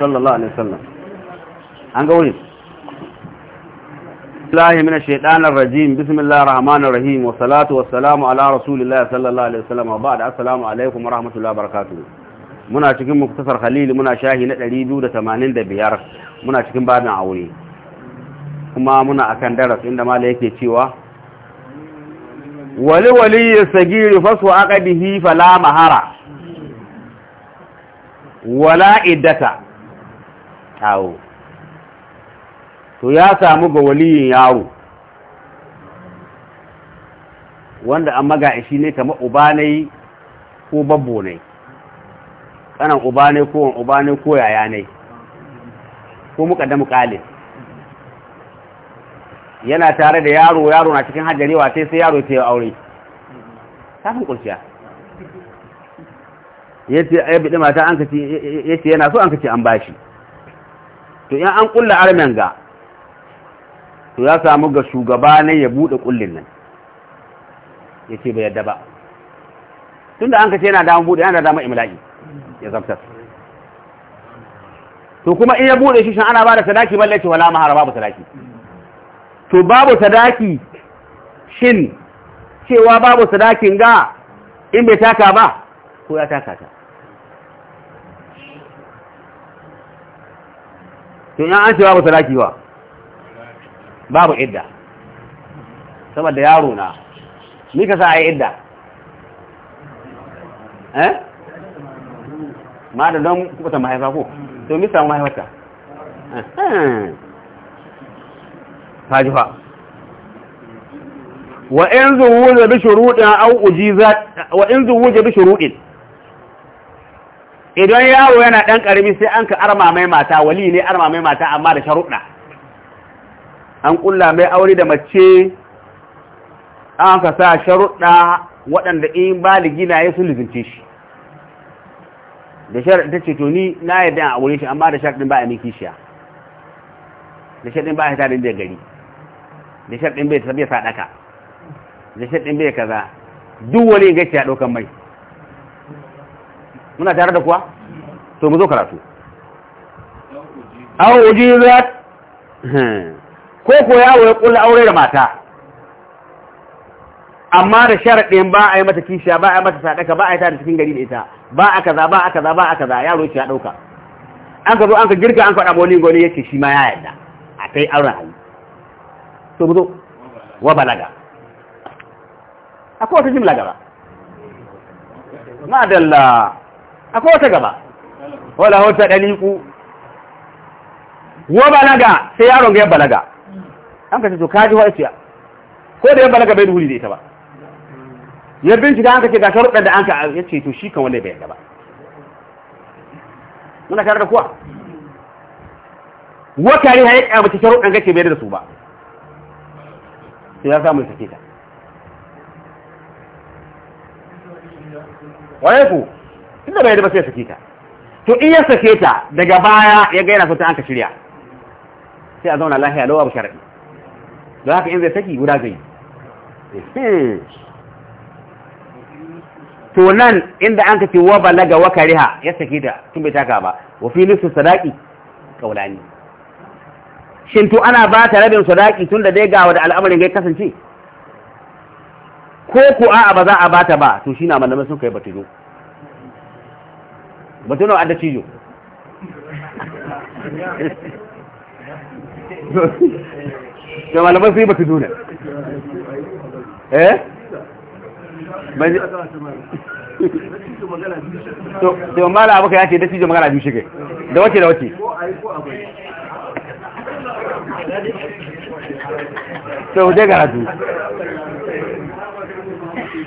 sallallahu alaihi wasallam an ga wurin الله من الشيطان الرجيم بسم الله الرحمن الرحيم والصلاة والسلام على رسول الله muna cikin muktasar khalil muna shahi na 285 muna cikin babin aure kuma muna akan daras inda mala yake cewa wali wali sagiri fasu aqabihi fala mahara wala iddata tawo to ya samu ga waliyin yaro wanda an maga'ishi ne kamar uba ne ko babbo ne kanan uba ne ko uba ne ko yaya ne ko mukaddamu qalil yana tare da yaro yaro na cikin hajjarewa sai sai yaro ta yi aure kafin kurciya yace Ya bidi mata an kace yace yana so an kace an bashi to in an kulla armen ga to ya samu ga shugaba ne ya bude kullin nan ya ce bai yadda ba tunda an kace yana dama bude yana dama imla'i ya zamtar to kuma in ya bude shi shan ana ba da sadaki balle ce wala mahara babu sadaki to babu sadaki shin cewa babu sadakin ga in bai taka ba ko ya taka ta to yan an ce babu talaki wa babu idda saboda yaro na ni ka sa a yi idda eh ma da don kuka mahaifa ko to mi samu eh. ji fa wa in zuwuje bi shuruɗin au ujiza wa in zuwuje bi shuruɗin idan yawo yana ɗan ƙarami sai an ka arma mai mata wali ne arma mai mata amma da sharuɗa an ƙulla mai aure da mace an ka sa sharuɗa waɗanda in baligi na ya sun lizince shi da sharaɗa ta ce tuni na yi a aure shi amma da sharaɗin ba a miki shi da sharaɗin ba a hita da gari da sharaɗin bai sa sadaka da sharaɗin bai kaza duk wani gaci ya ɗaukan mai muna tare da kuwa to mu zo karatu aw ujizat ko ko yawo ya kula aure da mata amma da sharadin ba a yi mata kishiya ba a yi mata sadaka ba a yi ta da cikin gari da ita ba a kaza ba a kaza ba a kaza yaro shi ya ɗauka an ka zo an ka girka an faɗa bolin goni yake shi ma ya yadda. a kai auren hali to mu zo wa balaga akwai wata jimla gaba madalla akwai wata gaba wala wata daliku wa balaga sai yaron ga ya balaga an kace to kaji wa ita ko da ya balaga bai duri da ita ba ya bincika an kace ga sharuɗan da an ka yace to shi kan wanda bai yarda ba muna tare da kuwa wa kare hayi a mace sharuɗan kace bai da su ba sai ya samu sake ta wa yaku inda bai da ba sai sake ta to in ya sake ta daga baya ya ga yana so ta an ka shirya sai a zauna lahiya lawa ba sharadi don haka in zai saki guda zai eh. to nan inda an ka ce wa balaga wa kariha ya sake ta tun bai taka ba wa fi nisu sadaki kaulani shin to ana ba ta rabin sadaki tun da dai ga wa da al'amarin ya kasance ko ko a'a ba za a bata ba to shi na malamai sun kai batudu mutum nawa da cijo da malaman sai ba su nuna eh to mala abuka ya ce da cijo magana biyu shige da wace da wace to dai garatu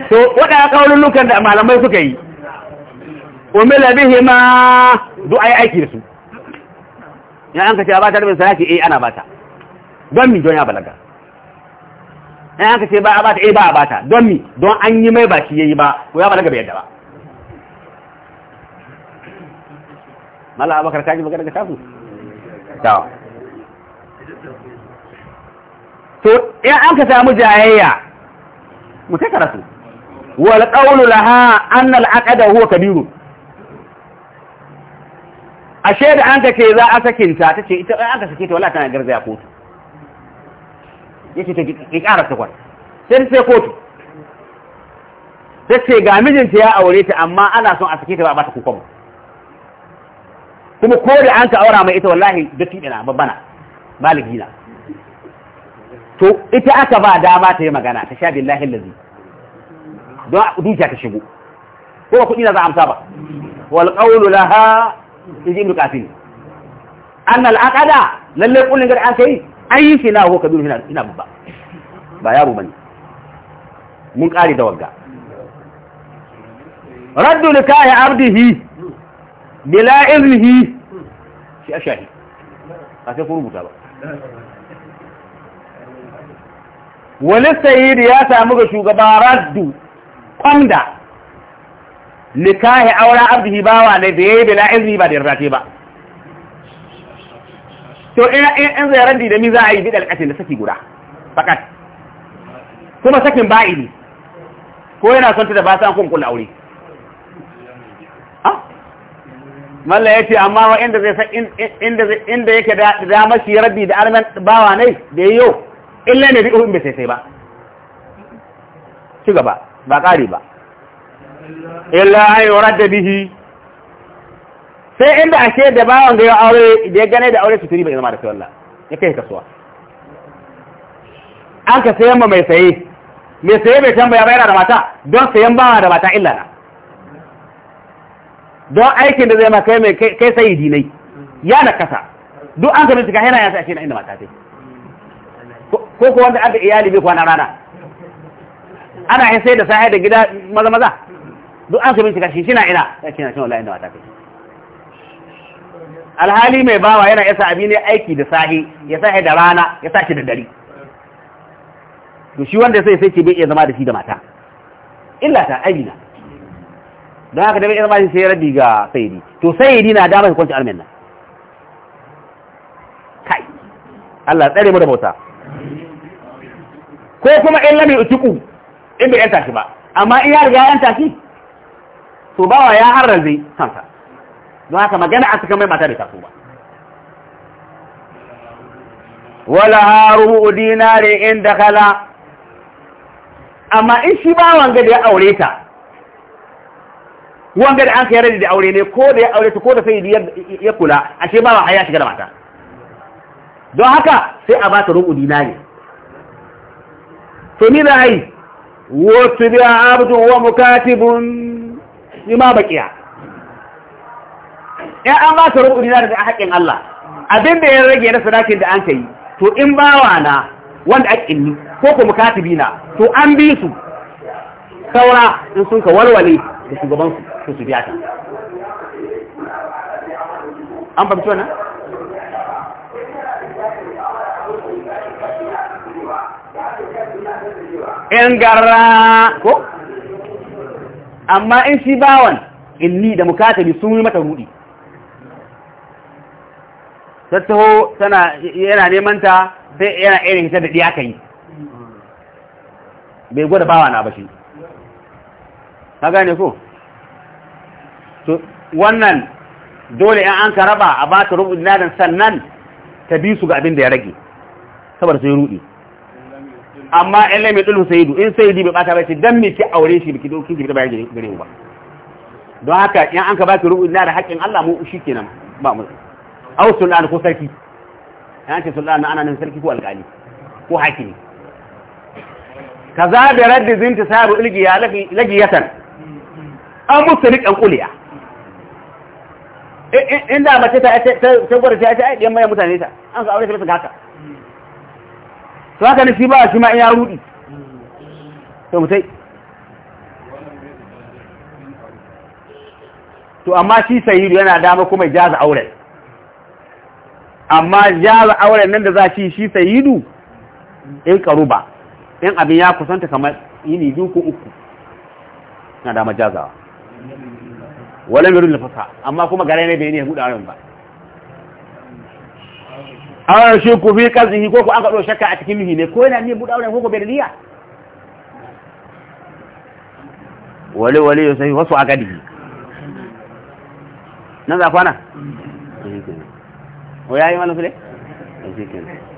to waɗanda kawo lullukan da malamai suka yi umila bihi ma duk ai aiki da su ya an ka ce ba ta rabin salati eh ana bata don mi don ya balaga ya an ka ce ba a bata eh ba a bata don mi don an yi mai baki yayi ba ko ya balaga bai yadda ba mala abakar ka ji magana ga tasu to to in an ka samu jayayya mu kai karatu wal qawlu laha anna al aqda huwa kabirun ashe da an take za a sakinta ta ce ita aka sake ta wala tana garzaya kotu yace ta ki ƙara ta kwata sai ta kotu sai ce ga mijinta ya aure ta amma ana son a sake ta ba ba ta kuka ba kuma ko da an ka aura mai ita wallahi datti dina babbana maliki na to ita aka ba dama ta yi magana ta sha billahi lazi don dukiya ta shigo ko ba kuɗi na za a amsa ba wal qawlu laha in ji ibnu qasim anna al-aqada lalle kullun gar an kai ayi shi na ho kabiru ina ina babba ba yaro bane mun kare da wagga raddu likahi abdihi bila iznihi shi ashahi ba sai ku rubuta ba wani sayidi ya samu ga shugaba raddu kwanda nikahi aura abdihi bawa ne da yayi bila izini ba da yarda ba to in in zai randi da mi za a yi bidal katin da saki guda fakat kuma sakin ba'ili ko yana son ta da ba san kun kula aure ah. malla ya ce amma wa inda zai inda yake da mashi rabbi da alman bawa ne da yayo illa ne bi'u in bai sai sai ba ci gaba ba ƙari ba illa an yuradda bihi sai inda ashe da bawon da ya aure da ya gane da aure suturi bai zama da wallah ya kai kasuwa an ka sayan ba mai saye mai saye bai tambaya yana da mata don sayan bawa da mata illa na don aikin da zai ma kai mai kai sayi dinai ya na kasa duk an ka bincika yana ya sa ashe na inda mata tai ko ko wanda aka iyali bai kwana rana ana hin sai da sahi da gida maza maza duk an sami shiga shi shi na ina ya ce na shi wallahi da mata fi alhali mai bawa yana yasa abin ne aiki da sahi ya sahi da rana ya sashi da dare to shi wanda sai sai ce bai iya zama da shi da mata illa ta aibina don haka da bai iya zama shi sai rabi ga sayidi to sayidi na dama shi kwanci almin nan kai Allah tsare mu da bauta ko kuma in lami utuku in bai yanta shi ba amma in ya riga yanta shi su bawa ya harraze kansa don haka magana a cikin mai mata da tafi ba wala haru dinari in kala, amma in shi ba wanga da ya aure ta wanga da an kai da aure ne ko da ya aure ta ko da sai ya kula ashe ba wa haya shiga da mata don haka sai a ba ta rubu dinari to ni da hai wasu biya abu wa mukatibun ni ma bakiya ya an ba ta na da da haƙin Allah abin da ya rage na sadakin da an yi to in bawa na wanda ake ni ko kuma mukatibi na to an bi su saura in sun ka walwale da shugaban su su biya ta an fahimci wannan in garra ko amma in shi bawan ni da mukatabi sun yi mata rudi tattaho tana yana neman ta sai yana irin hita da diya yi bai gwada bawa na ba shi gane ko to wannan dole in an karaba a ba ta rubu sannan ta bi su ga abin da ya rage saboda sai rudi amma in mai tsulhu sayidu in sayidi bai bata bai ce dan me ki aure shi biki dokin ki bayan gare mu ba don haka in an ka baki rubu da haƙƙin Allah mu shi kenan ba mu aw sultan ko sarki an ce sultan ana nan sarki ko alƙali ko hakimi kaza da raddi zinta sabu ilgiya yatan an musu an kuliya inda mace ta ta gwada ta ta aidiyan mayan mutane ta an ka aure ta bisa haka to haka ne shi ba shi ma in ya rudi to mutai to amma shi sayyidu yana dama kuma jaza auren amma jaza auren nan da za shi shi du in karuba in abin ya kusanta kamar yini biyu ko uku na dama jazawa wala na fasa amma kuma gare ne bai ne hudu auren ba an shi ku fi kazihi ko ku aka ɗau shakka a cikin mihi ne ko yana ne buɗe auren ko bai niyya wale wale ya sai wasu a nan za kwana mm. yayi